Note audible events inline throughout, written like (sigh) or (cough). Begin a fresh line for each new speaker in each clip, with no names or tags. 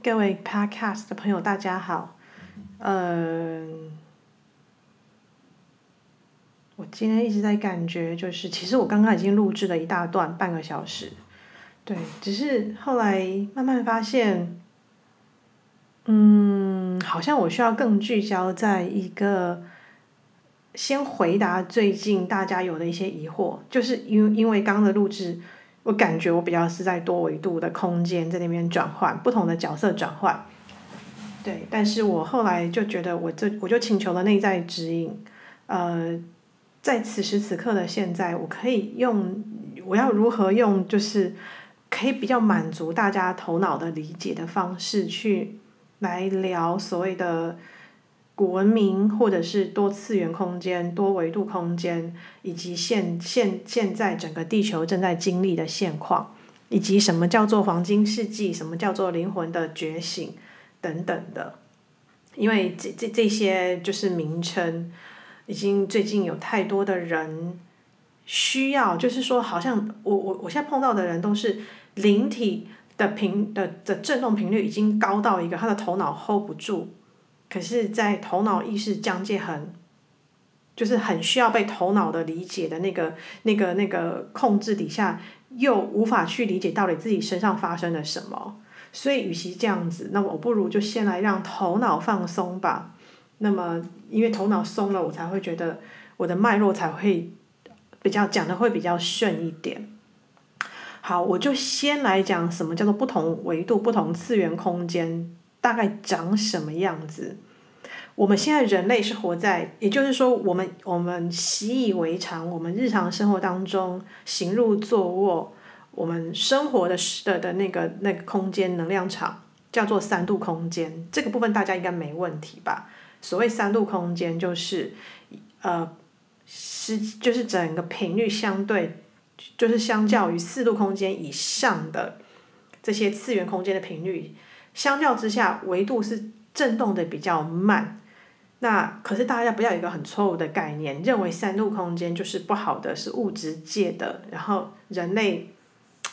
各位 Podcast 的朋友，大家好。嗯、呃，我今天一直在感覺，就是其實我剛剛已經錄製了一大段，半個小時。對，只是後來慢慢發現，嗯，好像我需要更聚焦在一個，先回答最近大家有的一些疑惑，就是因為因為剛剛的錄製。我感覺我比較是在多維度的空間在那邊轉換，不同的角色轉換，對。但是我後來就覺得我就，我這我就請求了內在指引，呃，在此時此刻的現在，我可以用我要如何用，就是可以比較滿足大家頭腦的理解的方式去來聊所謂的。古文明，或者是多次元空間、多維度空間，以及現現現在整個地球正在經歷的現況，以及什麼叫做黃金世紀，什麼叫做靈魂的覺醒等等的，因為這這這些就是名稱，已經最近有太多的人需要，就是說，好像我我我現在碰到的人都是靈體的頻的的震動頻率已經高到一個他的頭腦 hold 不住。可是，在頭腦意識疆界很，就是很需要被頭腦的理解的那個、那個、那個控制底下，又無法去理解到底自己身上發生了什麼。所以，與其這樣子，那我不如就先來讓頭腦放鬆吧。那麼，因為頭腦鬆了，我才會覺得我的脈絡才會比較講得會比較順一點。好，我就先來講什麼叫做不同維度、不同次元空間。大概長什麼樣子？我們現在人類是活在，也就是說，我們我們習以為常，我們日常生活當中行入坐臥，我們生活的的的那個那個空間能量場叫做三度空間，這個部分大家應該沒問題吧？所謂三度空間就是，呃，是就是整個頻率相對，就是相較於四度空間以上的這些次元空間的頻率。相較之下，維度是震動的比較慢。那可是大家不要有一個很錯誤的概念，認為三度空間就是不好的，是物質界的，然後人類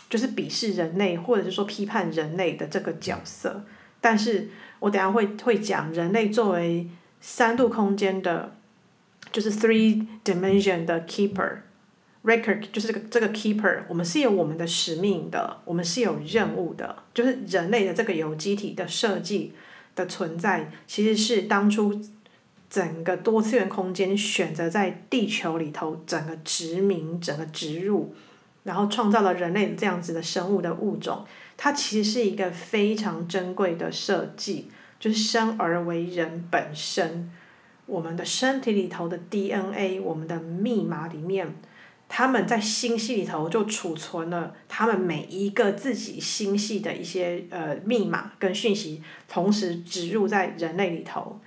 就是鄙視人類，或者是說批判人類的這個角色。但是我等下會會講，人類作為三度空間的，就是 three dimension 的 keeper。Record 就是這個這個 keeper，我們是有我們的使命的，我們是有任務的。就是人類的這個有機體的設計的存在，其實是當初整個多次元空間選擇在地球裡頭，整個殖民、整個植入，然後創造了人類這樣子的生物的物種。它其實是一個非常珍貴的設計，就是生而為人本身，我們的身體裡頭的 DNA，我們的密碼裡面。他們在星系裡頭就儲存了他們每一個自己星系的一些呃密碼跟訊息，同時植入在人類裡頭，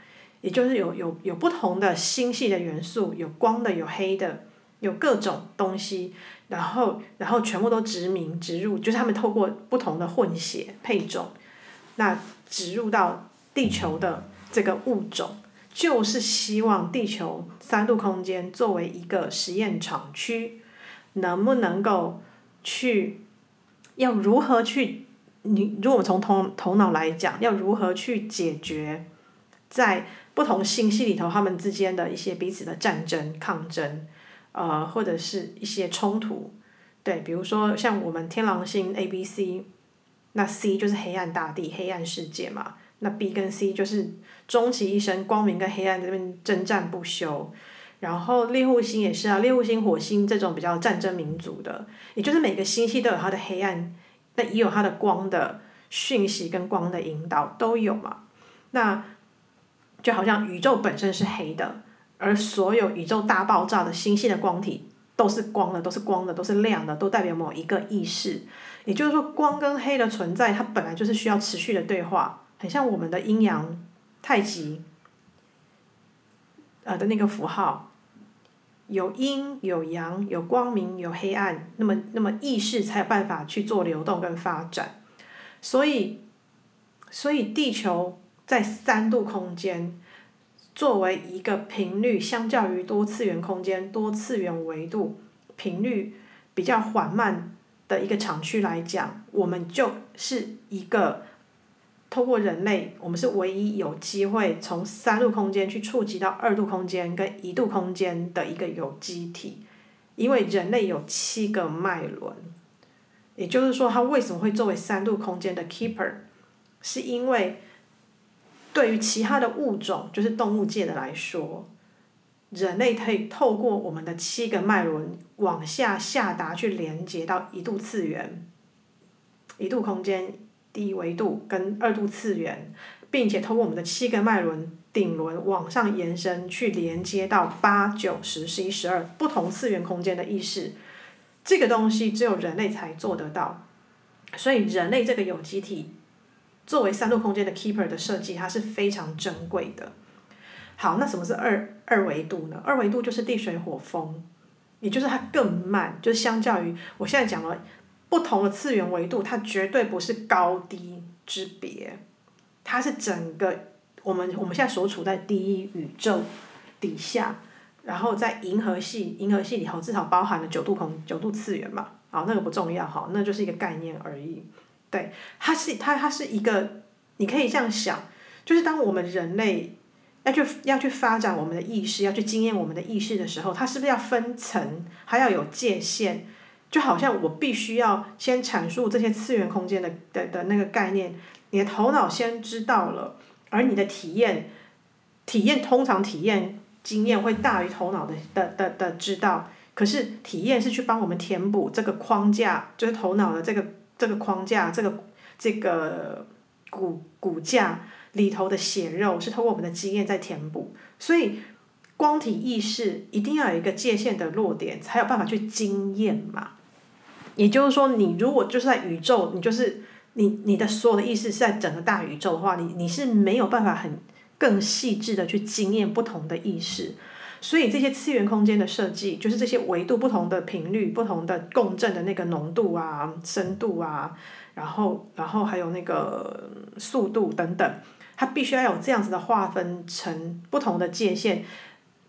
也就是有有有不同的星系的元素，有光的，有黑的，有各種東西，然後然後全部都殖民植入，就是他們透過不同的混血配種，那植入到地球的這個物種，就是希望地球三度空間作為一個實驗場區，能不能夠去？要如何去？你如果從頭頭腦來講，要如何去解決？在不同星系裡頭，他們之間的一些彼此的戰爭、抗爭，呃，或者是一些衝突。對，比如說像我們天狼星 A、B、C，那 C 就是黑暗大地、黑暗世界嘛。那 B 跟 C 就是終其一生，光明跟黑暗在這邊征戰不休。然後獵戶星也是啊，獵戶星、火星這種比較戰爭民族的，也就是每個星系都有它的黑暗，那也有它的光的訊息跟光的引導都有嘛。那就好像宇宙本身是黑的，而所有宇宙大爆炸的星系的光體都是光的，都是光的，都是亮的，都代表某一個意識。也就是說，光跟黑的存在，它本來就是需要持續的對話。很像我們的陰陽太極，呃、的那個符號，有陰有陽，有光明有黑暗，那麼那麼意識才有辦法去做流動跟發展，所以，所以地球在三度空間，作為一個頻率相較於多次元空間、多次元維度頻率比較緩慢的一個場區來講，我們就是一個。透過人類，我們是唯一有機會從三度空間去觸及到二度空間跟一度空間的一個有機體，因為人類有七個脈輪，也就是說，它為什麼會作為三度空間的 keeper，是因為對於其他的物種，就是動物界的來說，人類可以透過我們的七個脈輪往下下達去連接到一度次元，一度空間，一維度跟二度次元，並且通過我們的七個脈輪頂輪往上延伸，去連接到八九十十一十二不同次元空間的意識，這個東西只有人類才做得到，所以人類這個有機體作為三度空間的 keeper 的設計，它是非常珍貴的。好，那什麼是二二維度呢？二維度就是地水火風，也就是它更慢，就是相較於我現在講了。不同的次元維度，它絕對不是高低之別，它是整個我們我們現在所處在第一宇宙底下，然後在銀河系，銀河系裡頭至少包含了九度空、九度次元嘛，哦那個不重要哈，那就是一個概念而已。對，它是它它是一個，你可以這樣想，就是當我們人類要去要去發展我們的意識，要去經驗我們的意識的時候，它是不是要分層，還要有界限？就好像我必須要先闡述這些次元空間的的的那個概念，你的頭腦先知道了，而你的體驗，體驗通常體驗經驗會大於頭腦的的的的知道，可是體驗是去幫我們填補這個框架，就是頭腦的這個這個框架這個這個骨骨架裡頭的血肉是通過我們的經驗在填補，所以光體意識一定要有一個界限的落點，才有辦法去經驗嘛。也就是說，你如果就是在宇宙，你就是你，你的所有的意識是在整個大宇宙的話，你，你是沒有辦法很更細緻的去經驗不同的意識。所以這些次元空間的設計，就是這些維度不同的頻率、不同的共振的那個濃度啊、深度啊，然後然後還有那個速度等等，它必須要有這樣子的劃分成不同的界限，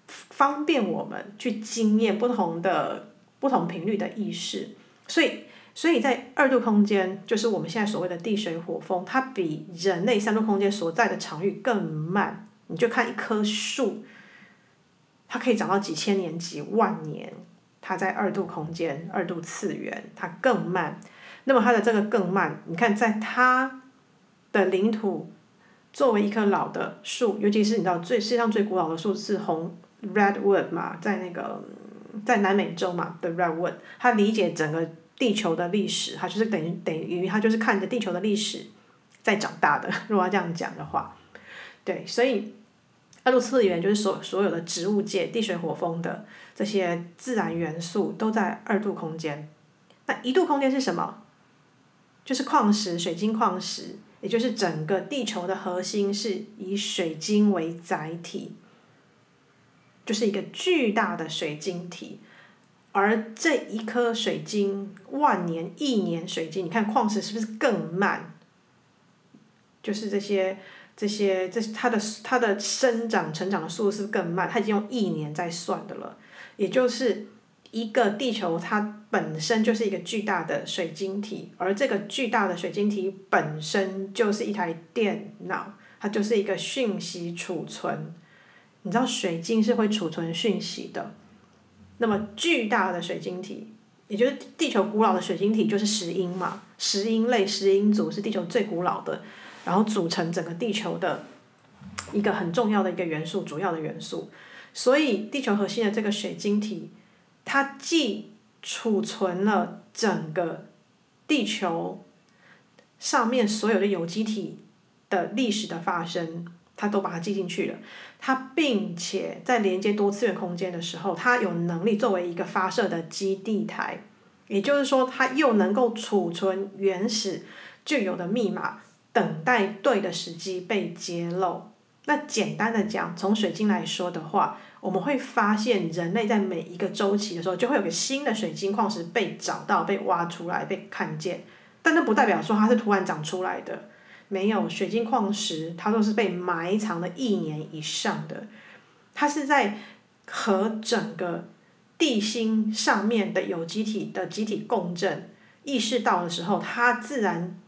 方便我們去經驗不同的不同頻率的意識。所以，所以在二度空間，就是我們現在所謂的地水火風，它比人類三度空間所在的場域更慢。你就看一棵樹，它可以長到幾千年、幾萬年。它在二度空間、二度次元，它更慢。那麼它的這個更慢，你看在它的領土，作為一棵老的樹，尤其是你知道最，世界上最古老的樹是紅 Redwood 嘛，在那個。在南美洲嘛，The Redwood，他理解整個地球的歷史，他就是等於等於他就是看着地球的歷史在長大的，如果要這樣講的話，對，所以二度次元就是所所有的植物界、地水火風的這些自然元素都在二度空間，那一度空間是什麼？就是礦石、水晶礦石，也就是整個地球的核心是以水晶為載體。就是一個巨大的水晶體，而這一顆水晶，萬年億年水晶，你看礦石是不是更慢？就是這些這些這它的它的生長成長的速度是更慢，它已經用億年在算的了，也就是一個地球它本身就是一個巨大的水晶體，而這個巨大的水晶體本身就是一台電腦，它就是一個訊息儲存。你知道水晶是會儲存訊息的，那麼巨大的水晶體，也就是地球古老的水晶體就是石英嘛，石英類、石英族是地球最古老的，然後組成整個地球的一個很重要的一個元素，主要的元素。所以地球核心的這個水晶體，它既儲存了整個地球上面所有的有機體的歷史的發生。它都把它記進去了，它並且在連接多次元空間的時候，它有能力作為一個發射的基地台，也就是說，它又能夠儲存原始具有的密碼，等待對的時機被揭露。那簡單的講，從水晶來說的話，我們會發現人類在每一個週期的時候，就會有一個新的水晶礦石被找到、被挖出來、被看見，但那不代表說它是突然長出來的。沒有水晶礦石，它都是被埋藏了一年以上的，它是在和整個地心上面的有機體的集體共振，意識到的時候，它自然，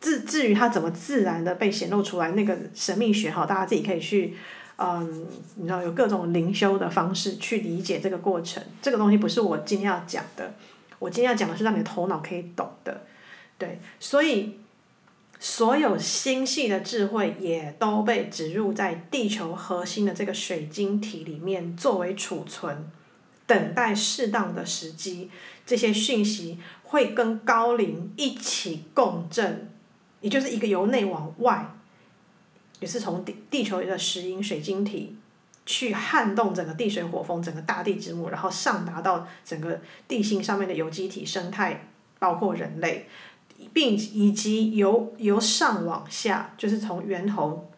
至，至於它怎麼自然的被顯露出來，那個神秘學好，大家自己可以去，嗯，你知道有各種靈修的方式去理解這個過程，這個東西不是我今天要講的，我今天要講的是讓你的頭腦可以懂的，對，所以。所有星系的智慧也都被植入在地球核心的這個水晶體裡面，作為儲存，等待適當的時機，這些訊息會跟高靈一起共振，也就是一個由內往外，也是從地地球的石英水晶體去撼動整個地水火風整個大地之母，然後上達到整個地心上面的有機體生態，包括人類。並以及由由上往下，就是從源頭，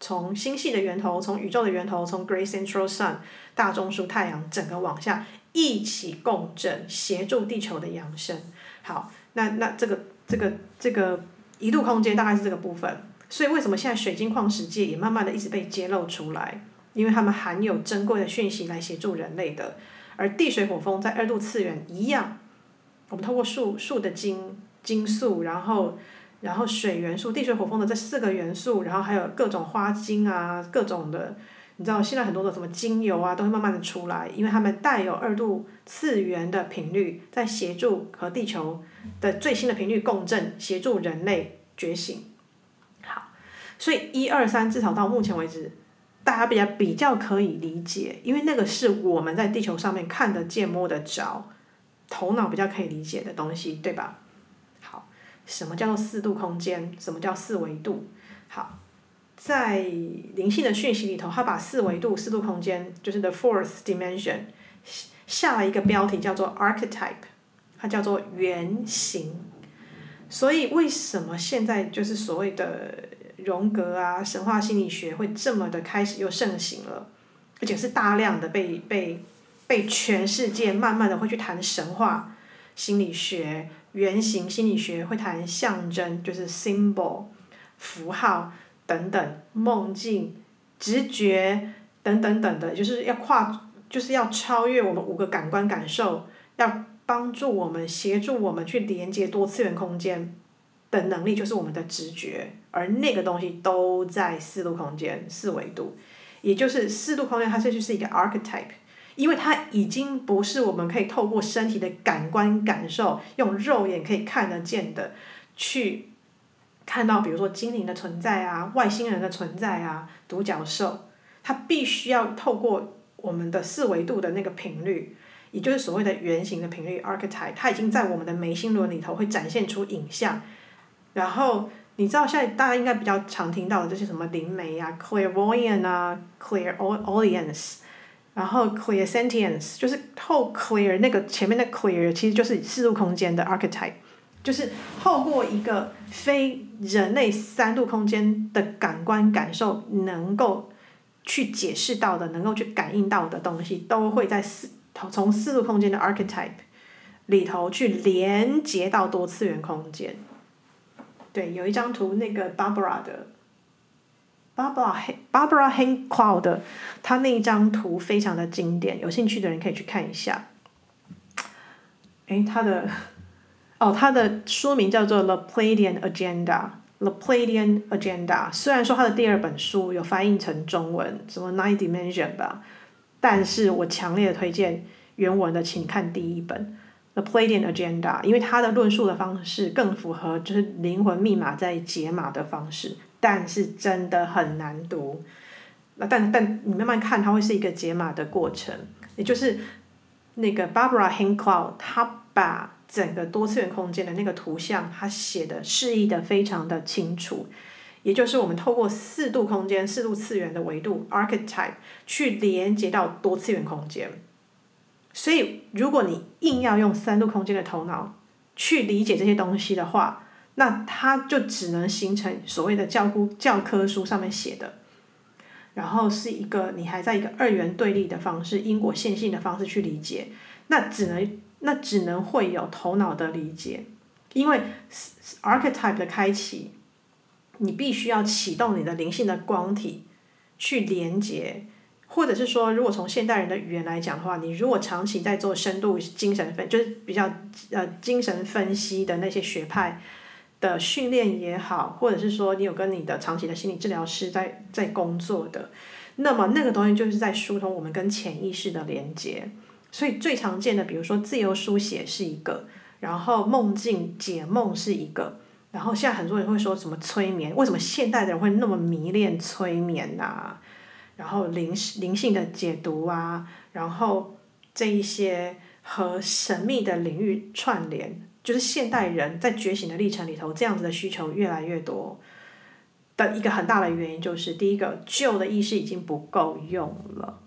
從星系的源頭，從宇宙的源頭，從 Great Central Sun 大中樞太陽整個往下一起共振，協助地球的揚升。好，那那這個這個這個一度空間大概是這個部分，所以為什麼現在水晶礦石界也慢慢的一直被揭露出來，因為它們含有珍貴的訊息來協助人類的，而地水火風在二度次元一樣，我們透過樹樹的莖。金屬，然後，然後水元素、地水火風的這四個元素，然後還有各種花精啊，各種的，你知道現在很多的什麼精油啊，都會慢慢的出來，因為它們帶有二度次元的頻率，在協助和地球的最新的頻率共振，協助人類覺醒。好，所以一二三至少到目前為止，大家比較比較可以理解，因為那個是我們在地球上面看得見、摸得着，頭腦比較可以理解的東西，對吧？什麼叫做四度空間？什麼叫四維度？好，在靈性的訊息裡頭，他把四維度、四度空間就是 the fourth dimension 下了一個標題叫做 archetype，它叫做原型。所以為什麼現在就是所謂的榮格啊、神話心理學會這麼的開始又盛行了，而且是大量的被被被全世界慢慢的會去談神話。心理學、原型心理學會談象徵，就是 symbol 符號等等、夢境、直覺等等等等的，就是要跨，就是要超越我們五個感官感受，要幫助我們協助我們去連接多次元空間的能力就是我們的直覺，而那個東西都在四度空間、四維度，也就是四度空間，它這就是一個 archetype。因為它已經不是我們可以透過身體的感官感受，用肉眼可以看得見的去看到，比如說精靈的存在啊、外星人的存在啊、獨角獸，它必須要透過我們的四維度的那個頻率，也就是所謂的原型的頻率 （archetype），它已經在我們的眉心輪裡頭會展現出影像。然後你知道現在大家應該比較常聽到的這些什麼靈媒啊、clairvoyant 啊、clairaudience。O 然後 Clear Sentience 就是透 clear 那個前面的 clear 其實就是四度空間的 archetype，就是透過一個非人類三度空間的感官感受，能夠去解釋到的，能夠去感應到的東西，都會在四從四度空間的 archetype 裡頭去連接到多次元空間。對，有一張圖那個 Barbara 的。Barbara Hand Barbara Hand Clow 的他那一張圖非常的經典，有興趣的人可以去看一下。誒，他的哦，他的書名叫做《The Pleiadian Agenda》，《The Pleiadian Agenda》。雖然說他的第二本書有翻譯成中文，什麼《Nine Dimension》吧，但是我強烈推薦原文的，請看第一本《The Pleiadian Agenda》，因為他的論述的方式更符合就是靈魂密碼在解碼的方式。但是真的很難讀，那但但你慢慢看，它會是一個解碼的過程，也就是那個 Barbara Hand Clow，他把整個多次元空間的那個圖像，他寫的示意的非常的清楚，也就是我們透過四度空間、四度次元的維度 archetype 去連接到多次元空間，所以如果你硬要用三度空間的頭腦去理解這些東西的話，那它就只能形成所謂的教科教科書上面寫的，然後是一個你還在一個二元對立的方式、因果線性的方式去理解，那只能那只能會有頭腦的理解，因為 archetype 的開啟，你必須要啟動你的靈性的光體去連接，或者是說，如果從現代人的語言來講的話，你如果長期在做深度精神分，就是比較呃精神分析的那些學派。的訓練也好，或者是說你有跟你的長期的心理治療師在在工作的，那麼那個東西就是在疏通我們跟潛意識的連接。所以最常見的，比如說自由書寫是一個，然後夢境解夢是一個，然後現在很多人會說什麼催眠，為什麼現代的人會那麼迷戀催眠吶啊？然後靈靈性的解讀啊，然後這一些和神秘的領域串聯。就是現代人在覺醒的歷程裡頭，這樣子的需求越來越多的一個很大的原因，就是第一個舊的意識已經不夠用了，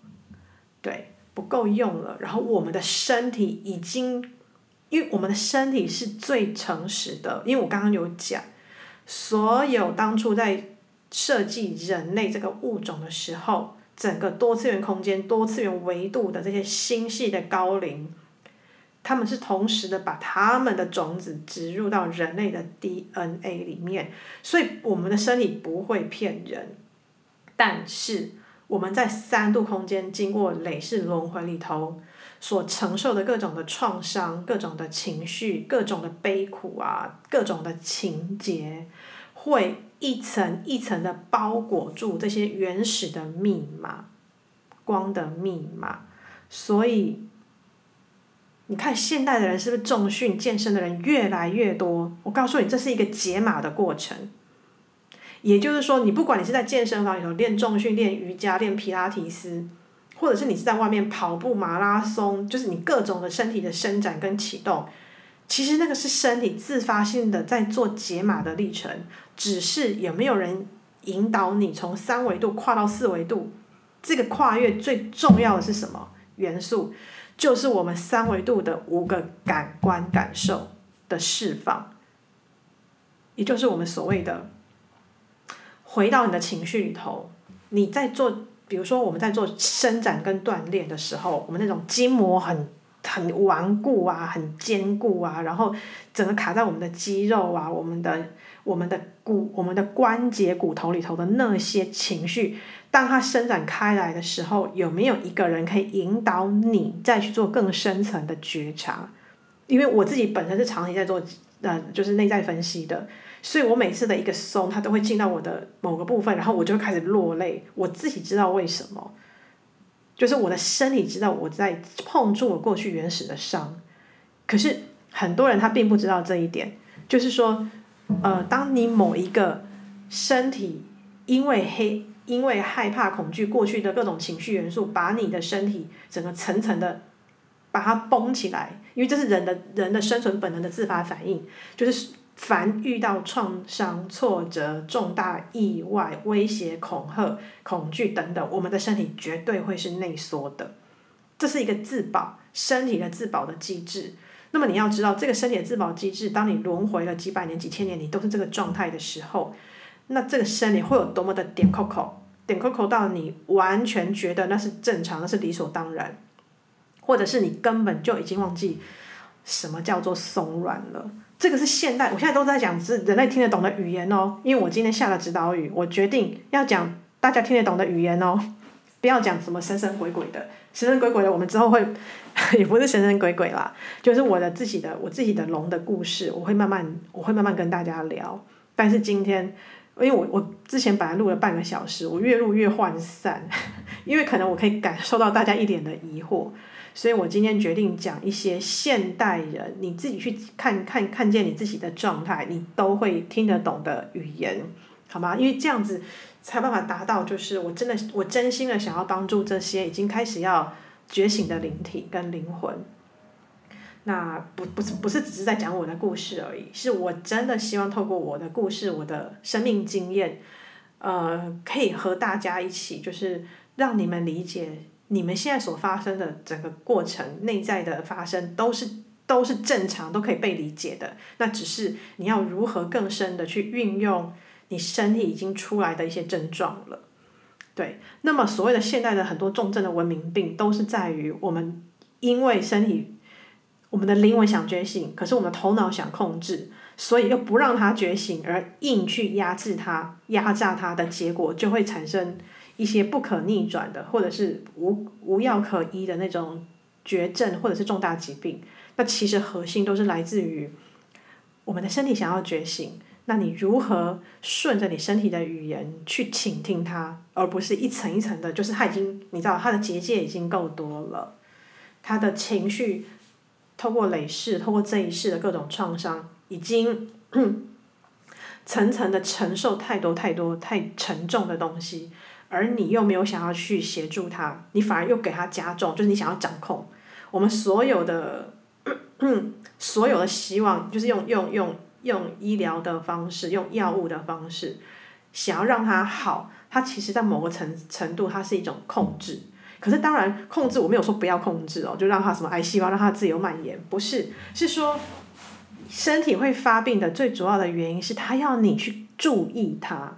對，不夠用了。然後我們的身體已經，因為我們的身體是最誠實的，因為我剛剛有講，所有當初在設計人類這個物種的時候，整個多次元空間、多次元維度的這些星系的高靈。他們是同時的把他們的種子植入到人類的 DNA 裡面，所以我們的身體不會騙人。但是我們在三度空間經過累世輪迴裡頭所承受的各種的創傷、各種的情緒、各種的悲苦啊、各種的情結，會一層一層的包裹住這些原始的密碼、光的密碼，所以。你看現代的人是不是重訓健身的人越來越多？我告訴你，這是一個解碼的過程。也就是說，你不管你是在健身房裡頭練重訓、練瑜伽、練皮拉提斯，或者是你是在外面跑步、馬拉松，就是你各種的身體的伸展跟啟動，其實那個是身體自發性的在做解碼的歷程。只是有沒有人引導你從三維度跨到四維度？這個跨越最重要的是什麼元素？就是我們三維度的五個感官感受的釋放，也就是我們所謂的回到你的情緒裡頭。你在做，比如說我們在做伸展跟鍛鍊的時候，我們那種筋膜很很頑固啊，很堅固啊，然後整個卡在我們的肌肉啊、我們的、我們的骨、我們的關節骨頭裡頭的那些情緒。當它伸展開來的時候，有沒有一個人可以引導你再去做更深層的覺察？因為我自己本身是長期在做，呃，就是內在分析的，所以我每次的一個鬆，它都會進到我的某個部分，然後我就開始落淚。我自己知道為什麼，就是我的身體知道我在碰觸我過去原始的傷。可是很多人他並不知道這一點，就是說，呃，當你某一個身體因為黑。因為害怕、恐懼、過去的各種情緒元素，把你的身體整個層層的把它繃起來，因為這是人的人的生存本能的自發反應，就是凡遇到創傷、挫折、重大意外、威脅、恐嚇、恐懼等等，我們的身體絕對會是內縮的，這是一個自保身體的自保的機制。那麼你要知道，這個身體的自保機制，當你輪迴了幾百年、幾千年，你都是這個狀態的時候。那這個聲你會有多麼的點扣扣，點扣扣到你完全覺得那是正常，那是理所當然，或者是你根本就已經忘記什麼叫做鬆軟了。這個是現代，我現在都在講是人類聽得懂的語言哦。因為我今天下了指導語，我決定要講大家聽得懂的語言哦，不要講什麼神神鬼鬼的，神神鬼鬼的。我們之後會呵呵也不是神神鬼鬼啦，就是我的自己的我自己的龍的故事，我會慢慢我會慢慢跟大家聊。但是今天。因為我我之前本來錄了半個小時，我越錄越渙散，因為可能我可以感受到大家一點的疑惑，所以我今天決定講一些現代人你自己去看看看見你自己的狀態，你都會聽得懂的語言，好嗎？因為這樣子才辦法達到，就是我真的我真心的想要幫助這些已經開始要覺醒的靈體跟靈魂。那不不是不是只是在講我的故事而已，是我真的希望透過我的故事，我的生命經驗，呃，可以和大家一起，就是讓你們理解你們現在所發生的整個過程、內在的發生都是都是正常，都可以被理解的。那只是你要如何更深的去運用你身體已經出來的一些症狀了。對，那麼所謂的現代的很多重症的文明病，都是在於我們因為身體。我們的靈魂想覺醒，可是我們的頭腦想控制，所以又不讓它覺醒，而硬去壓制它、壓榨它的結果就會產生一些不可逆轉的，或者是無無藥可醫的那種絕症，或者是重大疾病。那其實核心都是來自於我們的身體想要覺醒，那你如何順着你身體的語言去傾聽它，而不是一層一層的，就是它已經，你知道，它的結界已經夠多了，它的情緒。通過透過累世，透過這一世的各種創傷，已經層層的承受太多太多太沉重的東西，而你又沒有想要去協助他，你反而又給他加重，就是你想要掌控，我們所有的咳咳所有的希望，就是用用用用醫療的方式，用藥物的方式，想要讓他好，他其實在某個程程度，它是一種控制。可是當然，控制我沒有說不要控制哦，就讓它，什麼癌細胞讓它自由蔓延，不是，是說身體會發病的最主要的原因是他要你去注意他，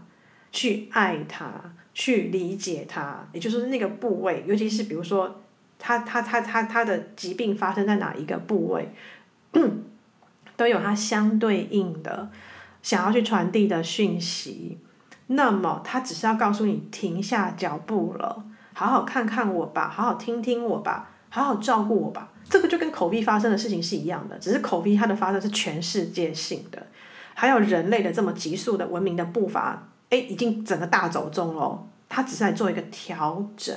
去愛他，去理解他，也就是那個部位，尤其是比如說他他他他他的疾病發生在哪一個部位，都有它相對應的想要去傳遞的訊息，那麼它只是要告訴你停下腳步了。好好看看我吧，好好聽聽我吧，好好照顧我吧。這個就跟 COVID 發生的事情是一樣的，只是 COVID 它的發生是全世界性的，還有人類的這麼急速的文明的步伐，哎，已經整個大走鐘了。它只是在做一個調整，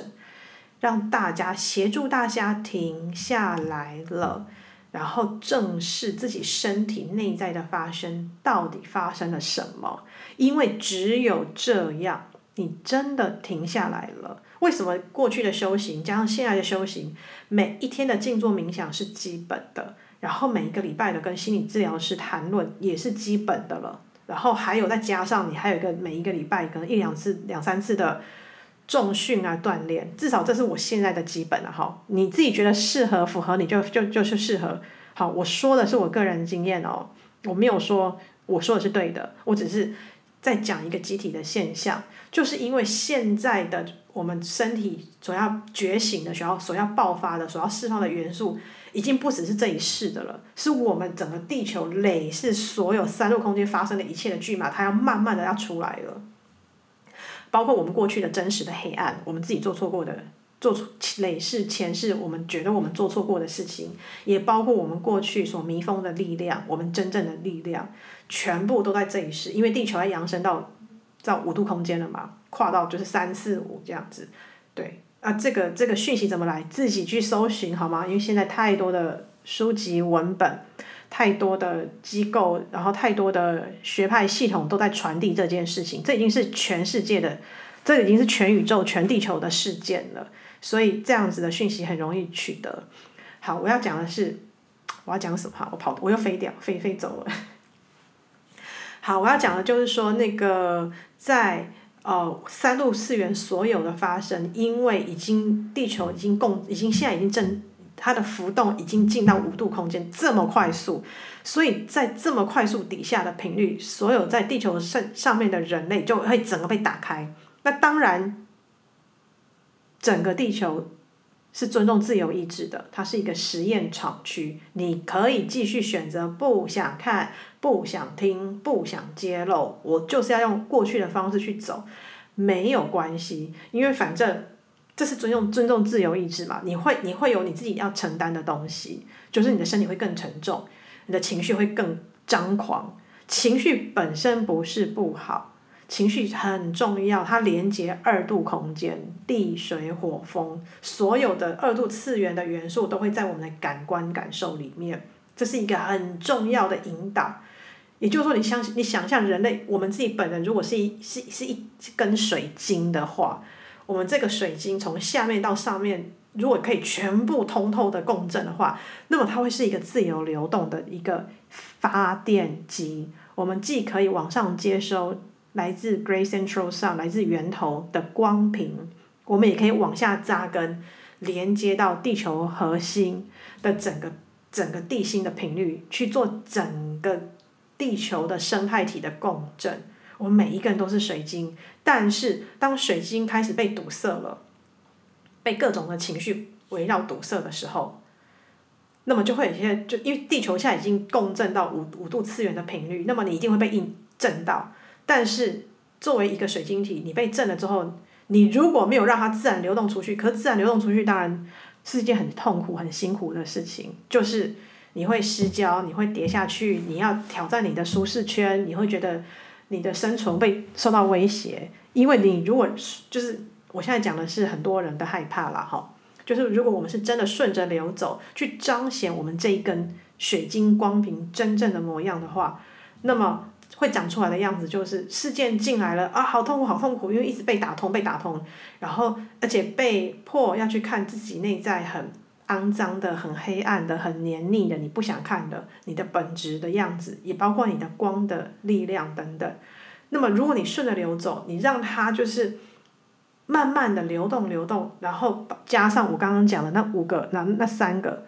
讓大家協助大家停下來了，然後正視自己身體內在的發生到底發生了什麼。因為只有這樣，你真的停下來了。為什麼過去的修行加上現在的修行，每一天的靜坐冥想是基本的，然後每一個禮拜的跟心理治療師談論也是基本的了，然後還有再加上你還有一個每一個禮拜可能一兩次兩三次的重訓啊鍛煉，至少這是我現在的基本了、啊、哈。你自己覺得適合符合你就就，就就是適合。好，我說的是我個人經驗哦，我沒有說我說的是對的，我只是。再講一個集體的現象，就是因為現在的我們身體所要覺醒的、所要、所要爆發的、所要釋放的元素，已經不只是這一世的了，是我們整個地球累世所有三度空間發生的一切的巨碼，它要慢慢的要出來了，包括我們過去的真實的黑暗，我們自己做錯過的人。做出累世前世，我們覺得我們做錯過的事情，也包括我們過去所迷封的力量，我們真正的力量，全部都在這一世。因為地球在揚升到到五度空間了嘛，跨到就是三四五這樣子。對，啊、這個，這個這個訊息怎麼來？自己去搜尋好嗎？因為現在太多的書籍文本，太多的機構，然後太多的學派系統都在傳遞這件事情。這已經是全世界的，這已經是全宇宙、全地球的事件了。所以這樣子的訊息很容易取得。好，我要講的是，我要講什麼？我跑，我又飛掉，飛，飛走了。好，我要講的就是說，那個在呃三度四元所有的發生，因為已經地球已經共，已經現在已經正它的浮動已經進到五度空間這麼快速，所以在這麼快速底下的頻率，所有在地球上上面的人類就會整個被打開。那當然。整個地球是尊重自由意志的，它是一個實驗場區。你可以繼續選擇不想看、不想聽、不想揭露，我就是要用過去的方式去走，沒有關係，因為反正這是尊重尊重自由意志嘛。你會你會有你自己要承擔的東西，就是你的身體會更沉重，你的情緒會更張狂。情緒本身不是不好。情緒很重要，它連接二度空間，地、水、火、風，所有的二度次元的元素都會在我們的感官感受裡面。這是一個很重要的引導。也就是說你，你相信你想象人類，我們自己本人如果是一是是一根水晶的話，我們這個水晶從下面到上面，如果可以全部通透的共振的話，那麼它會是一個自由流動的一個發電機。我們既可以往上接收。來自 Great Central Sun，來自源頭的光頻，我們也可以往下扎根，連接到地球核心的整個整個地心的頻率，去做整個地球的生態體的共振。我們每一個人都是水晶，但是當水晶開始被堵塞了，被各種的情緒圍繞堵塞的時候，那麼就會有些就因為地球現在已經共振到五五度次元的頻率，那麼你一定會被印震到。但是作為一個水晶體，你被震了之後，你如果沒有讓它自然流動出去，可是自然流動出去當然是一件很痛苦、很辛苦的事情。就是你會失焦，你會跌下去，你要挑戰你的舒適圈，你會覺得你的生存被受到威脅。因為你如果就是我現在講的是很多人的害怕啦哈，就是如果我們是真的順着流走去彰顯我們這一根水晶光瓶真正的模樣的話，那麼。會長出來的樣子就是事件進來了啊，好痛苦，好痛苦，因為一直被打通，被打通，然後而且被迫要去看自己內在很骯髒的、很黑暗的、很黏膩的，你不想看的，你的本質的樣子，也包括你的光的力量等等。那麼，如果你順着流走，你讓它就是慢慢的流動，流動，然後加上我剛剛講的那五個，那那三個。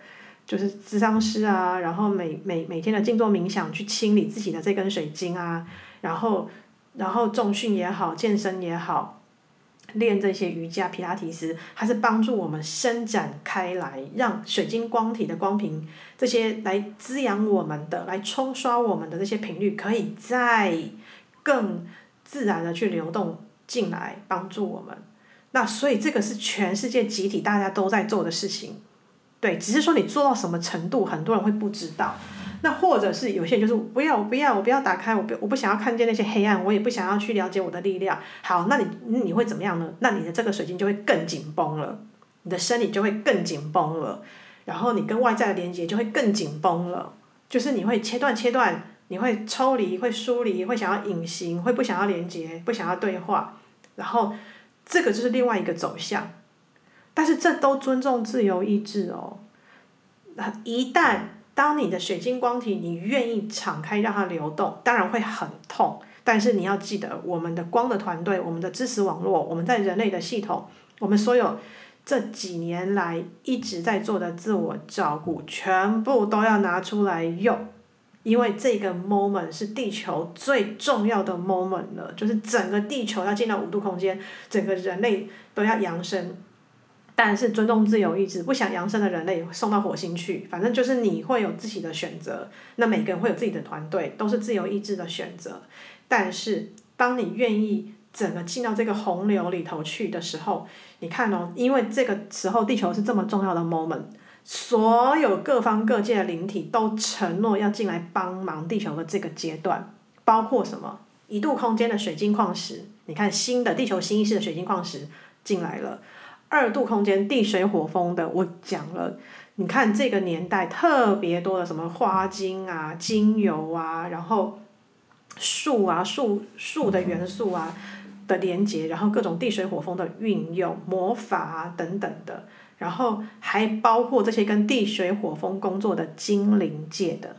就是諮商師啊，然後每每每天的靜坐冥想去清理自己的這根水晶啊，然後然後重訓也好，健身也好，練這些瑜伽、皮拉提斯，它是幫助我們伸展開來，讓水晶光體的光頻這些來滋養我們的，來沖刷我們的這些頻率，可以再更自然的去流動進來幫助我們。那所以這個是全世界集體大家都在做的事情。對，只是說你做到什麼程度，很多人會不知道。那或者是有些人就是不要，不要，我不要打開，我不，我不想要看見那些黑暗，我也不想要去了解我的力量。好，那你你會怎麼樣呢？那你的這個水晶就會更緊繃了，你的生理就會更緊繃了，然後你跟外在的連接就會更緊繃了，就是你會切斷、切斷，你會抽離、會疏離、會想要隱形、會不想要連接、不想要對話，然後這個就是另外一個走向。但是這都尊重自由意志哦。那一旦當你的水晶光體，你願意敞開讓它流動，當然會很痛。但是你要記得，我們的光的團隊，我們的知識網絡，我們在人類的系統，我們所有這幾年來一直在做的自我照顧，全部都要拿出來用，因為這個 moment 是地球最重要的 moment 了，就是整個地球要進到五度空間，整個人類都要揚升。但是尊重自由意志，不想揚升的人類送到火星去，反正就是你會有自己的選擇。那每個人會有自己的團隊，都是自由意志的選擇。但是當你願意整個進到這個洪流裡頭去的時候，你看哦，因為這個時候地球是這麼重要的 moment，所有各方各界的靈體都承諾要進來幫忙地球的這個階段，包括什麼一度空間的水晶礦石，你看新的地球新意識的水晶礦石進來了。二度空間地水火風的，我講了。你看這個年代特別多的什麼花精啊、精油啊，然後樹啊、樹樹的元素啊的連接，然後各種地水火風的運用、魔法啊等等的，然後還包括這些跟地水火風工作的精靈界的、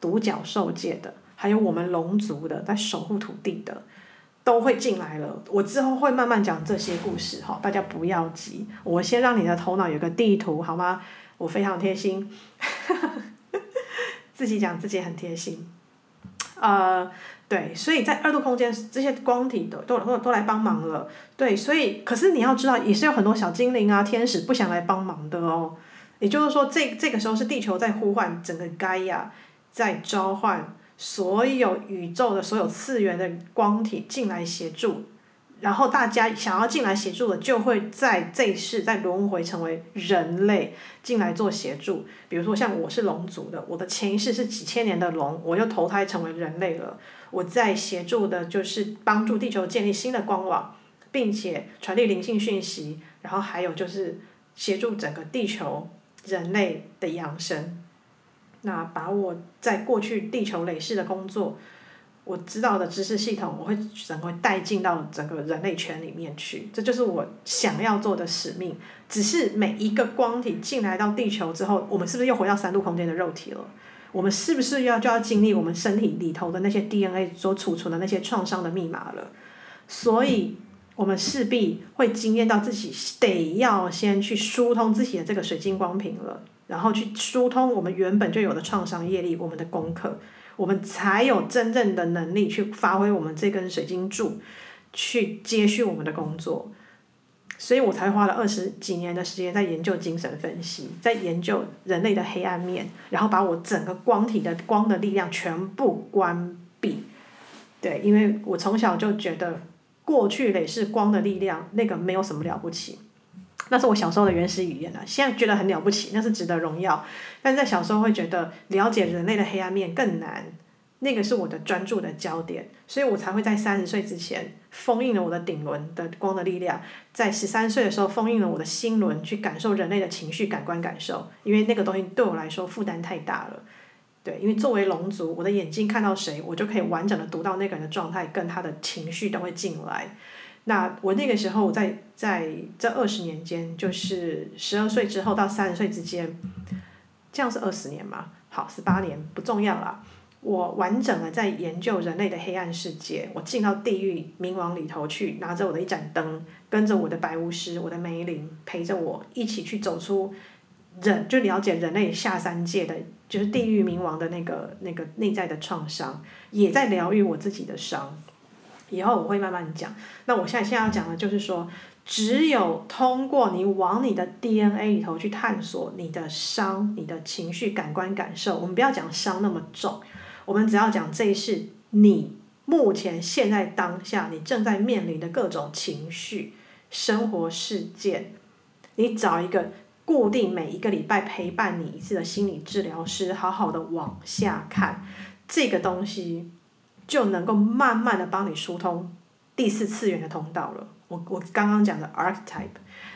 獨角獸界的，還有我們龍族的在守護土地的。都會進來了，我之後會慢慢講這些故事哈，大家不要急，我先讓你的頭腦有個地圖好嗎？我非常貼心， (laughs) 自己講自己很貼心，呃，對，所以在二度空間，這些光體都都都都來幫忙了，對，所以可是你要知道，也是有很多小精靈啊、天使不想來幫忙的哦，也就是說，這個、這個時候是地球在呼喚，整個蓋亞在召喚。所有宇宙的所有次元的光體進來協助，然後大家想要進來協助的，就會在這一世再輪迴成為人類進來做協助。比如說，像我是龍族的，我的前世是幾千年的龍，我又投胎成為人類了。我在協助的就是幫助地球建立新的光網，並且傳遞靈性訊息，然後還有就是協助整個地球人類的揚升。那把我在過去地球累世的工作，我知道的知識系統，我會整個帶進到整個人類圈裡面去，這就是我想要做的使命。只是每一個光體進來到地球之後，我們是不是又回到三度空間的肉體了？我們是不是要就要經歷我們身體裡頭的那些 DNA 所儲存的那些創傷的密碼了？所以，我們勢必會驚艷到自己，得要先去疏通自己的這個水晶光屏了。然後去疏通我們原本就有的創傷業力，我們的功課，我們才有真正的能力去發揮我們這根水晶柱，去接續我們的工作。所以我才花了二十幾年的時間在研究精神分析，在研究人類的黑暗面，然後把我整個光體的光的力量全部關閉。對，因為我從小就覺得過去類似光的力量，那個沒有什麼了不起。那是我小時候的原始語言了啊，現在覺得很了不起，那是值得榮耀。但是在小時候會覺得了解人類的黑暗面更難，那個是我的專注的焦點，所以我才會在三十歲之前封印了我的頂輪的光的力量，在十三歲的時候封印了我的心輪，去感受人類的情緒、感官感受，因為那個東西對我來說負擔太大了。對，因為作為龍族，我的眼睛看到誰，我就可以完整的讀到那個人的狀態，跟他的情緒都會進來。那我那個時候，我在在這二十年間，就是十二歲之後到三十歲之間，這樣是二十年嘛？好，十八年，不重要了。我完整的在研究人類的黑暗世界，我進到地獄冥王裡頭去，拿着我的一盞燈，跟着我的白巫師、我的梅林，陪着我一起去走出人，就了解人類下三界的，就是地獄冥王的那個那個內在的創傷，也在療癒我自己的傷。以後我會慢慢講。那我現在現在要講的就是說，只有通過你往你的 DNA 裡頭去探索你的傷、你的情緒、感官感受。我們不要講傷那麼重，我們只要講這是你目前現在當下你正在面臨的各種情緒、生活事件。你找一個固定每一個禮拜陪伴你一次的心理治療師，好好的往下看這個東西。就能夠慢慢的幫你疏通第四次元的通道了。我我剛剛講的 Ar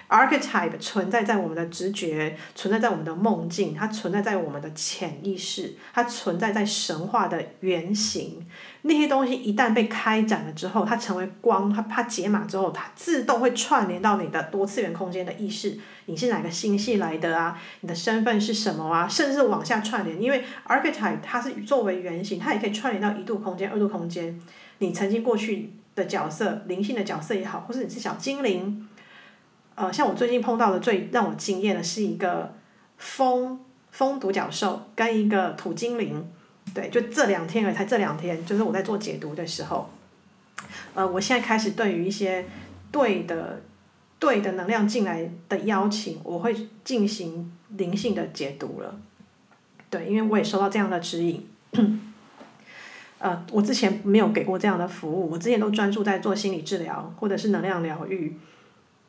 Archetype，Archetype 存在在我們的直覺，存在在我們的夢境，它存在在我們的潛意識，它存在在神話的原型。那些東西一旦被開展了之後，它成為光，它它解碼之後，它自動會串聯到你的多次元空間的意識。你是哪個星系來的啊？你的身份是什麼啊？甚至往下串聯，因為 Archetype 它是作為原型，它也可以串聯到一度空間、二度空間。你曾經過去。的角色，靈性的角色也好，或是你是小精靈，呃，像我最近碰到的最讓我驚艷的是一個風風獨角獸跟一個土精靈，對，就這兩天，才這兩天，就是我在做解讀的時候，呃，我現在開始對於一些對的對的能量進來的邀請，我會進行靈性的解讀了，對，因為我也收到這樣的指引。 (coughs) 呃，我之前沒有給過這樣的服務，我之前都專注在做心理治療或者是能量療癒，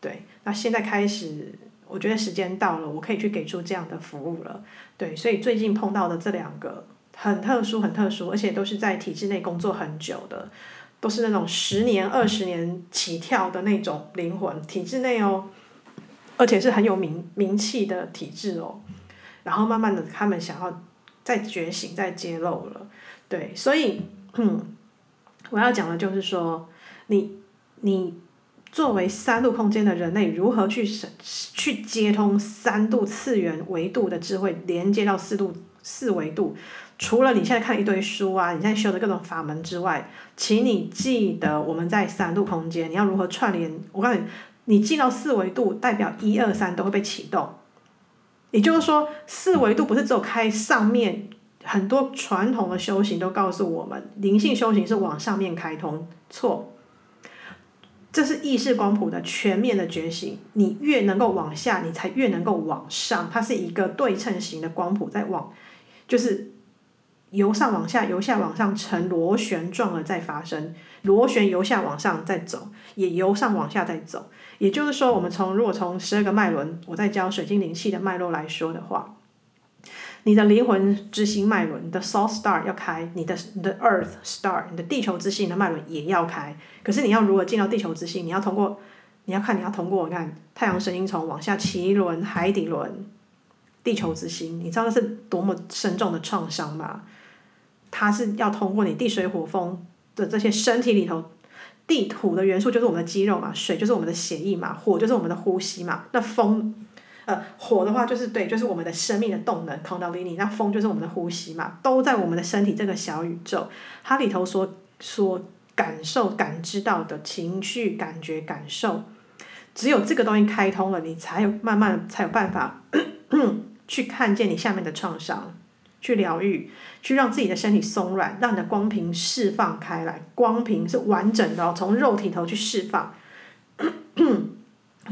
對。那現在開始，我覺得時間到了，我可以去給出這樣的服務了，對。所以最近碰到的這兩個很特殊、很特殊，而且都是在體制內工作很久的，都是那種十年、二十年起跳的那種靈魂，體制內哦，而且是很有名名氣的體制哦。然後慢慢的，他們想要再覺醒、再揭露了。對，所以，嗯，我要講的就是說，你，你作為三度空間的人類，如何去什去接通三度次元維度的智慧，連接到四度四維度？除了你現在看一堆書啊，你現在修的各種法門之外，請你記得我們在三度空間，你要如何串聯？我告訴你，你進到四維度，代表一二三都會被啟動，也就是說，四維度不是只有開上面。很多傳統的修行都告訴我們，靈性修行是往上面開通，錯。這是意識光譜的全面的覺醒，你越能夠往下，你才越能夠往上。它是一個對稱型的光譜，在往，就是由上往下，由下往上呈螺旋狀的在發生，螺旋由下往上再走，也由上往下再走。也就是說，我們從如果從十二個脈輪，我再教水晶靈氣的脈絡來說的話。你的靈魂之星脈輪，你的 Soul Star 要開，你的 The Earth Star，你的地球之星的脈輪也要開。可是你要如何進到地球之星？你要通過，你要看你要通過你看太陽神經叢往下臍輪、海底輪、地球之星，你知道那是多麼深重的創傷嗎？它是要通過你地水火風的這些身體裡頭，地土的元素就是我們的肌肉嘛，水就是我們的血液嘛，火就是我們的呼吸嘛，那風。呃，火的話就是對，就是我們的生命的動能 Kundalini，那風就是我們的呼吸嘛，都在我們的身體這個小宇宙。它裡頭所，所感受、感知到的情緒、感覺、感受，只有這個東西開通了，你才有慢慢才有辦法咳咳去看見你下面的創傷，去療癒，去讓自己的身體鬆軟，讓你的光屏釋放開來。光屏是完整的、哦，從肉體頭去釋放。咳咳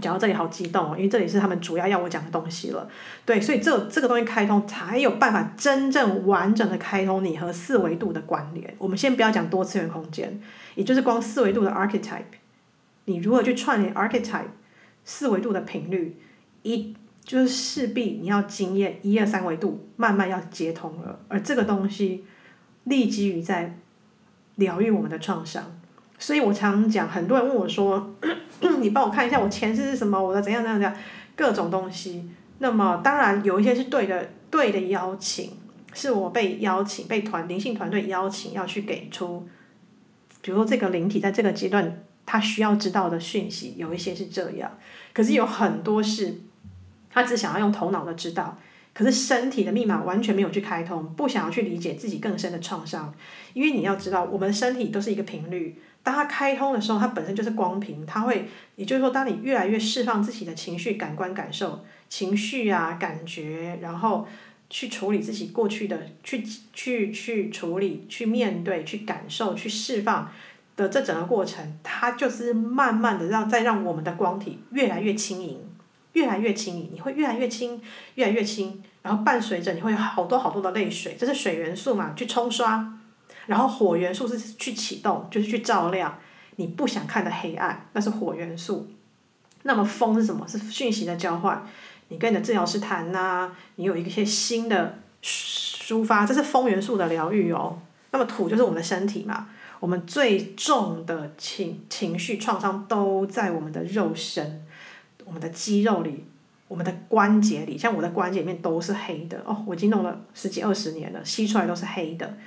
講到這裡好激動哦，因為這裡是他們主要要我講的東西了。對，所以這這個東西開通才有辦法真正完整的開通你和四維度的關聯。我們先不要講多次元空間，也就是光四維度的 archetype，你如何去串聯 archetype 四維度的頻率，一就是勢必你要經驗一二三維度，慢慢要接通了。而這個東西立基於在療癒我們的創傷。所以我常講，很多人問我說：“呵呵你幫我看一下，我前世是什麼？我的怎樣怎樣怎樣，各種東西。”那麼當然有一些是對的，對的邀請是我被邀請，被團靈性團隊邀請要去給出，比如說這個靈體在這個階段他需要知道的訊息，有一些是這樣，可是有很多事他只想要用頭腦的知道，可是身體的密碼完全沒有去開通，不想要去理解自己更深的創傷，因為你要知道，我們的身體都是一個頻率。當它開通的時候，它本身就是光屏，它會，也就是說，當你越來越釋放自己的情緒、感官感受、情緒啊、感覺，然後去處理自己過去的、去去去處理、去面對、去感受、去釋放的這整個過程，它就是慢慢的讓再讓我們的光體越來越輕盈，越來越輕盈，你會越來越輕，越來越輕，然後伴隨着你會有好多好多的淚水，這是水元素嘛，去沖刷。然後火元素是去啟動，就是去照亮你不想看的黑暗，那是火元素。那麼風是什麼？是訊息的交換。你跟你的治療師談吶、啊，你有一些新的抒發，這是風元素的療癒哦。那麼土就是我們的身體嘛，我們最重的情情緒創傷都在我們的肉身、我們的肌肉裡、我們的關節裡，像我的關節裡面都是黑的哦，我已經弄了十幾二十年了，吸出來都是黑的。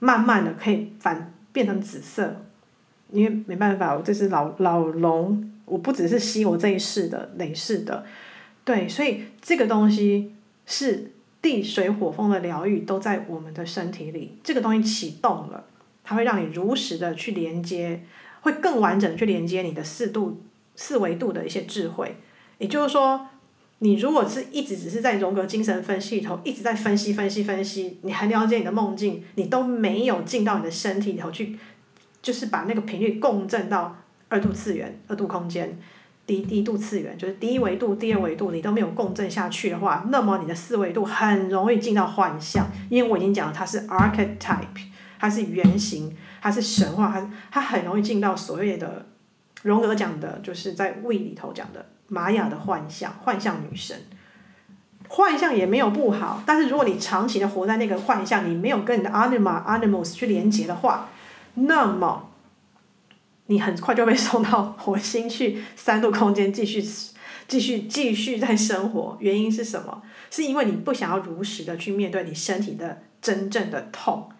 慢慢的可以反變成紫色，因為沒辦法，我這是老老龍，我不只是吸我這一世的，累世的，對，所以這個東西是地水火風的療癒都在我們的身體裡，這個東西啟動了，它會讓你如實的去連接，會更完整的去連接你的四度四維度的一些智慧，也就是說。你如果是一直只是在榮格精神分析裡頭一直在分析分析分析，你很了解你的夢境，你都沒有進到你的身體裡頭去，就是把那個頻率共振到二度次元、二度空間、低低度次元，就是第一維度、第二維度，你都沒有共振下去的話，那麼你的四維度很容易進到幻象，因為我已經講了，它是 archetype，它是原型，它是神話，它它很容易進到所謂的。榮格講的就是在胃裡頭講的瑪雅的幻象，幻象女神，幻象也沒有不好，但是如果你長期的活在那個幻象，你沒有跟你的 anima animus 去連接的話，那麼你很快就被送到火星去三度空間繼續繼續繼續在生活。原因是什麼？是因為你不想要如實的去面對你身體的真正的痛。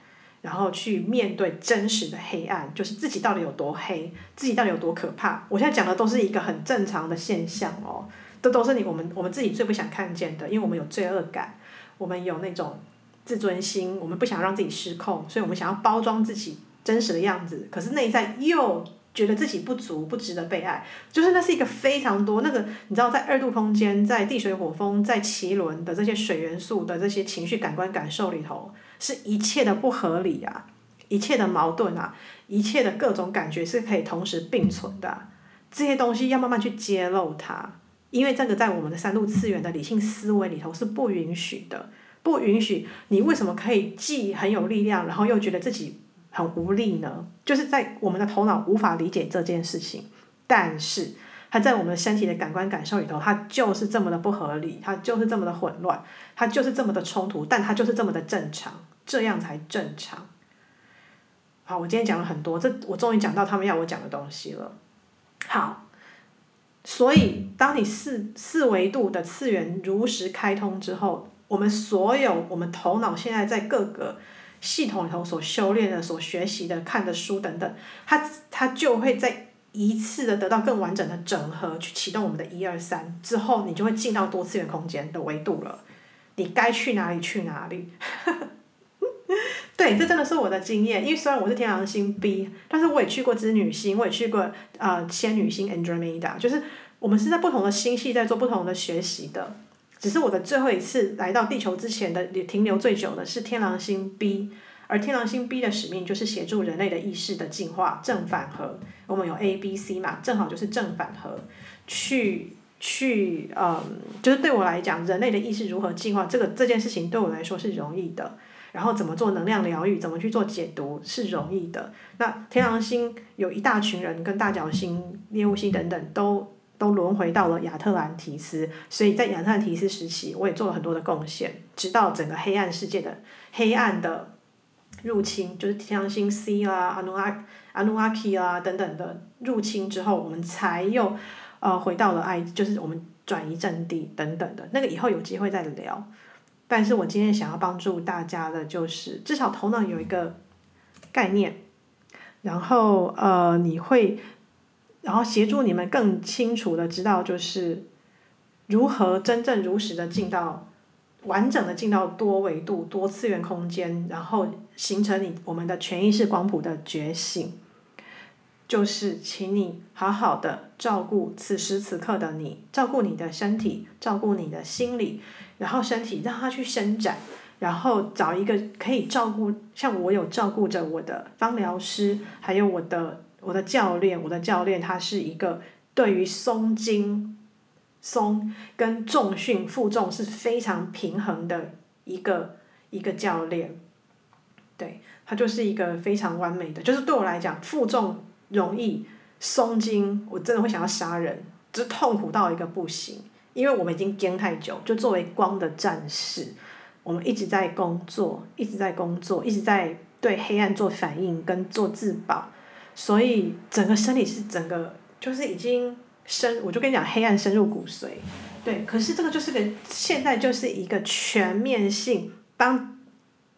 然後去面對真實的黑暗，就是自己到底有多黑，自己到底有多可怕。我現在講的都是一個很正常的現象哦，都都是你我們我們自己最不想看見的，因為我們有罪惡感，我們有那種自尊心，我們不想讓自己失控，所以我們想要包裝自己真實的樣子。可是內在又覺得自己不足，不值得被愛，就是那是一個非常多那個你知道，在二度空間，在地水火風在臍輪的這些水元素的這些情緒、感官感受裡頭。是一切的不合理啊，一切的矛盾啊，一切的各種感覺是可以同時並存的啊。這些東西要慢慢去揭露它，因為這個在我們的三度次元的理性思維裡頭是不允許的，不允許。你為什麼可以既很有力量，然後又覺得自己很無力呢？就是在我們的頭腦無法理解這件事情，但是它在我們身體的感官感受裡頭，它就是這麼的不合理，它就是這麼的混亂，它就是這麼的衝突，但它就是這麼的正常。這樣才正常。好，我今天講了很多，這我終於講到他們要我講的東西了。好，所以當你四四維度的次元如實開通之後，我們所有我們頭腦現在在各個系統裡頭所修煉的、所學習的、看的書等等，它，它就會再一次的得到更完整的整合，去啟動我們的一二三之後，你就會進到多次元空間的維度了。你該去哪裡去哪裡？ (laughs) 對，這真的是我的經驗。因為雖然我是天狼星 B，但是我也去過織女星，我也去過呃仙女星 Andromeda。就是我們是在不同的星系在做不同的學習的。只是我的最後一次來到地球之前的也停留最久的是天狼星 B，而天狼星 B 的使命就是協助人類的意識的進化，正反合。我們有 A、B、C 嘛，正好就是正反合，去去嗯、呃，就是對我來講，人類的意識如何進化這個這件事情對我來說是容易的。然後怎麼做能量療癒，怎麼去做解讀是容易的。那天狼星有一大群人，跟大角星、獵戶星等等都都輪回到了亞特蘭提斯。所以在亞特蘭提斯時期，我也做了很多的貢獻。直到整個黑暗世界的黑暗的入侵，就是天狼星 C 啦、阿努阿阿努阿基啦等等的入侵之後，我們才又呃回到了愛，就是我們轉移陣地等等的那個。以後有機會再聊。但是我今天想要幫助大家的就是，至少頭腦有一個概念，然後呃，你會，然後協助你們更清楚的知道，就是如何真正如實的進到完整的進到多維度、多次元空間，然後形成你我們的全意識光譜的覺醒。就是請你好好的照顧此時此刻的你，照顧你的身體，照顧你的心理，然後身體讓它去伸展，然後找一個可以照顧，像我有照顧着我的芳療師，還有我的我的教練，我的教練他是一個對於鬆筋，鬆跟重訓負重是非常平衡的一個一個教練，對，他就是一個非常完美的，就是對我來講負重。容易鬆筋，我真的會想要殺人，就痛苦到一個不行。因為我們已經僵太久，就作為光的戰士，我們一直在工作，一直在工作，一直在對黑暗做反應跟做自保，所以整個身體是整個就是已經深，我就跟你講，黑暗深入骨髓。對，可是這個就是個現在就是一個全面性，當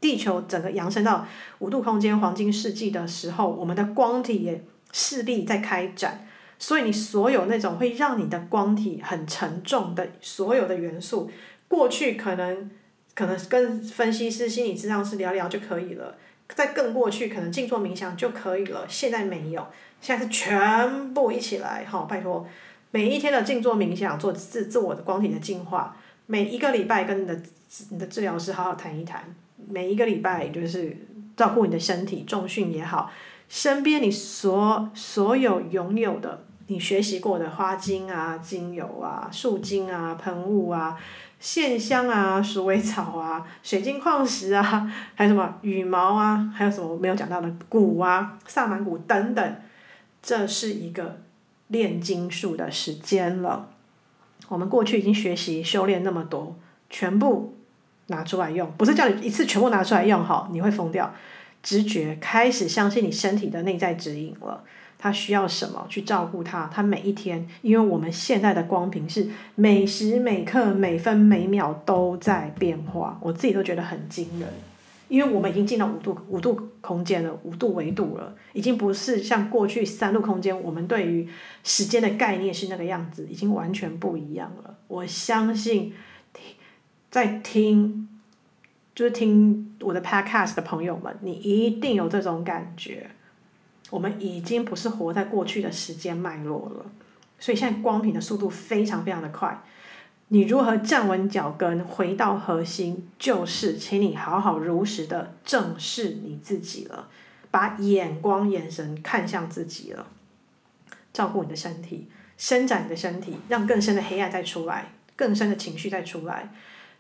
地球整個揚升到五度空間黃金世紀的時候，我們的光體也。勢力在開展，所以你所有那種會讓你的光體很沉重的所有的元素，過去可能可能跟分析師、心理治療師聊聊就可以了，再更過去可能靜坐冥想就可以了，現在沒有，現在是全部一起來，好、哦、拜托，每一天的靜坐冥想做自自我的光體的進化，每一個禮拜跟你的你的治療師好好談一談，每一個禮拜就是照顧你的身體，重訓也好，身邊你所所有擁有的，你學習過的花精啊、精油啊、樹精啊、噴霧啊、線香啊、鼠尾草啊、水晶礦石啊，還有什麼羽毛啊，還有什麼沒有講到的鼓啊、薩滿鼓等等，這是一個煉金術的時間了。我們過去已經學習修煉那麼多，全部拿出來用，不是叫你一次全部拿出來用，哈，你會瘋掉。直覺開始相信你身體的內在指引了，他需要什麼去照顧他，他每一天，因為我們現在的光頻是每時每刻每分每秒都在變化，我自己都覺得很驚人，因為我們已經進到五度、五度空間了，五度維度了，已經不是像過去三度空間，我們對於時間的概念是那個樣子，已經完全不一樣了。我相信聽，在聽。就是聽我的 podcast 的朋友們，你一定有這種感覺。我們已經不是活在過去的時間脈絡了，所以現在光頻的速度非常非常的快。你如何站穩腳跟，回到核心，就是請你好好如實的正視你自己了，把眼光、眼神看向自己了，照顧你的身體，伸展你的身體，讓更深的黑暗再出來，更深的情緒再出來。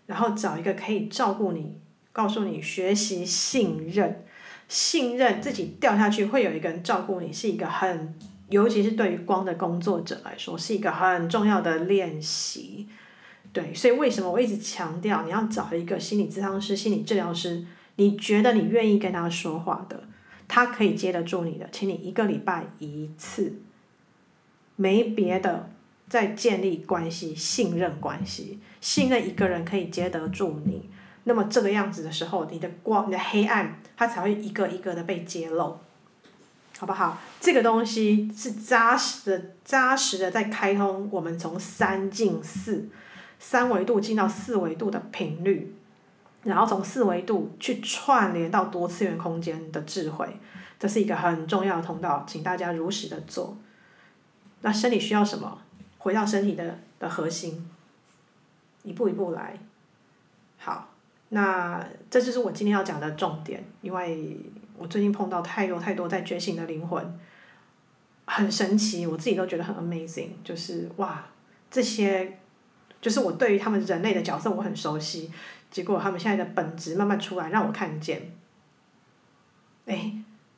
然後找一個可以照顧你、告訴你、學習信任、信任自己掉下去會有一個人照顧你，是一個很，尤其是對於光的工作者來說，是一個很重要的練習。對，所以為什麼我一直強調你要找一個心理諮商師、心理治療師，你覺得你願意跟他說話的，他可以接得住你的，請你一個禮拜一次，沒別的。在建立關係、信任關係，信任一個人可以接得住你，那麼這個樣子的時候，你的光、你的黑暗，它才會一個一個的被揭露，好不好？這個東西是扎實的、扎實的在開通我們從三進四、三維度進到四維度的頻率，然後從四維度去串聯到多次元空間的智慧，這是一個很重要的通道，請大家如實的做。那身體需要什麼？回到身體的的核心，一步一步來。好，那這就是我今天要講的重點。因為我最近碰到太多太多在覺醒的靈魂，很神奇，我自己都覺得很 amazing。就是哇，這些就是我對於他們人類的角色我很熟悉，結果他們現在的本質慢慢出來，讓我看見。哎，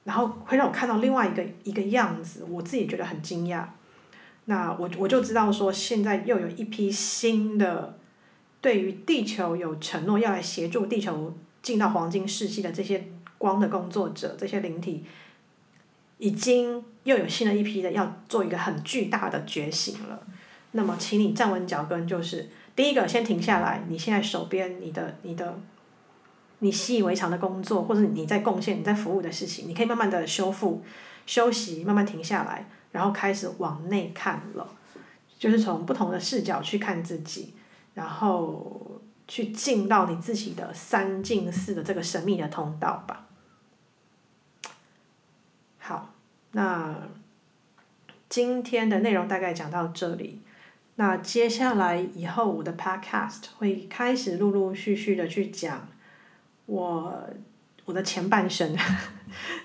然後會讓我看到另外一個一個樣子，我自己覺得很驚訝。那我我就知道，說現在又有一批新的，對於地球有承諾，要來協助地球進到黃金世紀的這些光的工作者，這些靈體，已經又有新的一批的要做一個很巨大的覺醒了。那麼，請你站穩腳跟，就是第一個先停下來，你現在手邊你的你的，你習以為常的工作，或者你在貢獻、你在服務的事情，你可以慢慢的修復、休息，慢慢停下來。然後開始往內看了，就是從不同的視角去看自己，然後去進到你自己的三進四的這個神秘的通道吧。好，那今天的內容大概講到這裡，那接下來以後我的 podcast 會開始陸陸續續的去講我我的前半生，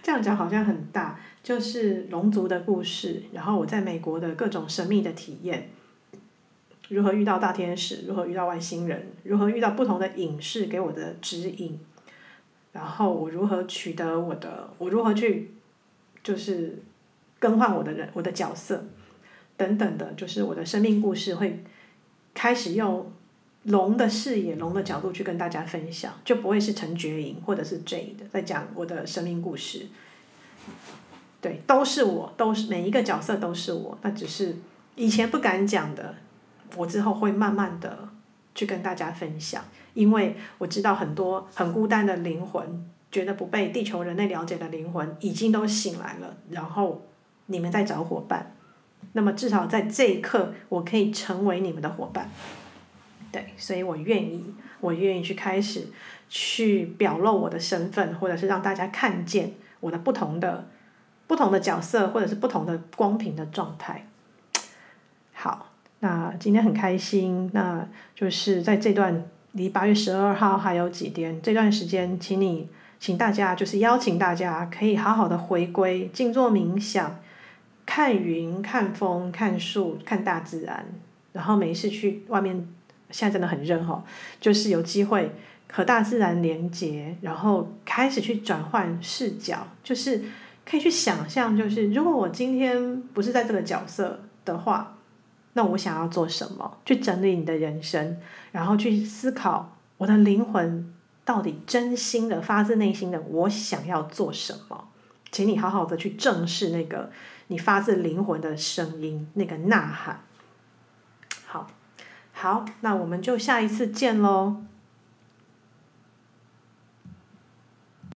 這樣講好像很大。就是龍族的故事，然後我在美國的各種神秘的體驗，如何遇到大天使，如何遇到外星人，如何遇到不同的影視給我的指引，然後我如何取得我的，我如何去，就是更換我的人，我的角色等等的，就是我的生命故事會開始用龍的視野、龍的角度去跟大家分享，就不會是陳覺瑩或者是 Jade 在講我的生命故事。對，都是我，都是每一個角色都是我。那只是以前不敢講的，我之後會慢慢的去跟大家分享，因為我知道很多很孤單的靈魂，覺得不被地球人類了解的靈魂，已經都醒來了，然後你們在找夥伴，那麼至少在這一刻，我可以成為你們的夥伴。對，所以我願意，我願意去開始去表露我的身份，或者是讓大家看見我的不同的。不同的角色，或者是不同的光頻的狀態。好，那今天很開心，那就是在這段離八月十二號還有幾天這段時間，請你請大家就是邀請大家可以好好的回歸，靜坐冥想，看雲、看風、看樹、看大自然，然後沒事去外面。現在真的很熱哦，就是有機會和大自然連接，然後開始去轉換視角，就是。可以去想象，就是如果我今天不是在這個角色的話，那我想要做什麼？去整理你的人生，然後去思考我的靈魂到底真心的、發自內心的我想要做什麼？請你好好的去正視那個你發自靈魂的聲音，那個吶喊。好，好，那我們就下一次見嘍。